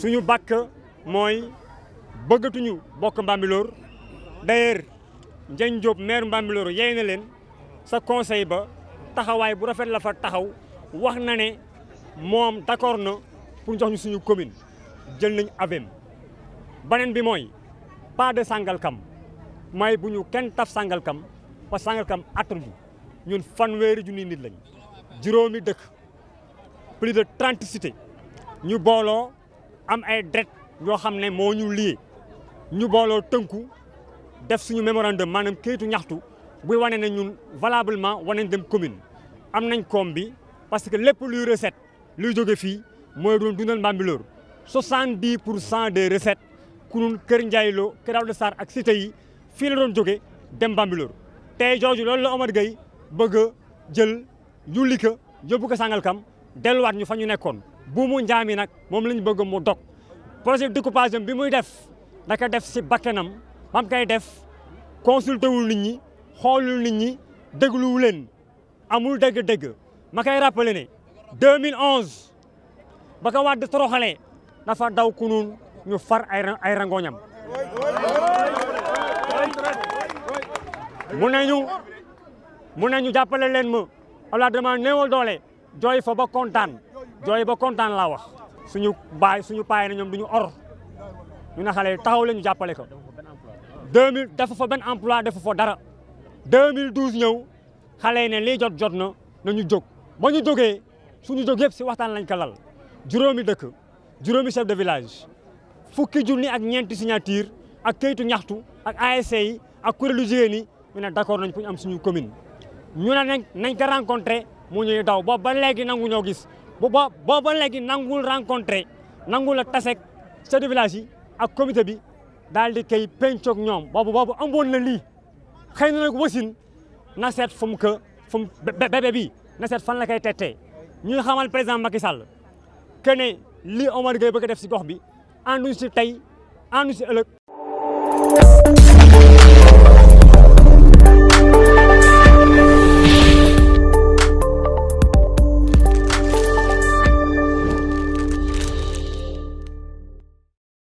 suñu bàkk mooy bëggatuñu bokk Mbambilor d'ailleurs Ndiagne Diop maire Mbambilor yey na leen sa conseil ba taxawaay bu rafet la fa taxaw wax na ne moom d'accord na pour jox ñu suñu commune jël nañ avem beneen bi mooy pas de Sangalkam may bu ñu kenn taf Sangalkam parce que Sangalkam attan ñun fanweeri ju nit lañ juróomi dëkk plus de trente cités ñu booloo am ay dret yoo xam ne moo ñu lii ñu booloo tënku def suñu mémorandum maanaam kayitu ñaxtu buy wane ne ñun valablement wane dem commune am nañ koom bi parce que lépp luy recette luy jóge fii mooy doon dundal Bambilor 70 pour cent des recettes kunun Kër Ndiaye loo Kër Daouda Sarr ak cité yi fii la doon jóge dem Bambilor tey jooju loolu la Omar Gueye bëgg a jël ñu li ko yóbbu ko Sangalkam delluwaat ñu fa ñu nekkoon buumu njaam yi nag moom lañ bëgg mu dog projet découpagem bi muy def naka def si bakkanam mam koy def consulté wul nit ñi xoolul nit ñi déglu leen amul dëgg-dëgg ma koy rappelé ne 2011 ba ko wàdd troxalee dafa daw ku nuun ñu far ay ay rangooñam mu nañu mu nañu jàppale leen ma alors dama néewal doole jooy fa ba contaane jooy ba kontaan laa wax suñu baay suñu paay na ñoom du ñu or ñu ne xale taxaw la ñu jàppale ko 2000 dafa fa benn emploi dafa fa dara 2012 ñëw xale yi ne lii jot jot na na jóg ba ñu jógee suñu jóg yëpp si waxtaan lañ ka lal juróomi dëkk juróomi chef de village fukki junni ak ñeenti signature ak kayitu ñaxtu ak ASC ak kuréelu jigéen yi ñu ne d'accord nañ pour ñu am suñu commune ñu ne nañ ka ko rencontré ñu ne daw boobu ba léegi nangu ñoo gis bo bo bo legi nangul rencontrer nangul la tassek chef de village ak comité bi dal di kay penchok ñom bobu bobu ambon na li xeyna nak wasin na set fum ke fum bebe bi na set fan la kay tété ñu xamal président Macky Sall kené li Omar Gueye bëgg def ci gox bi andu ci tay andu ci ëlëk Thank you.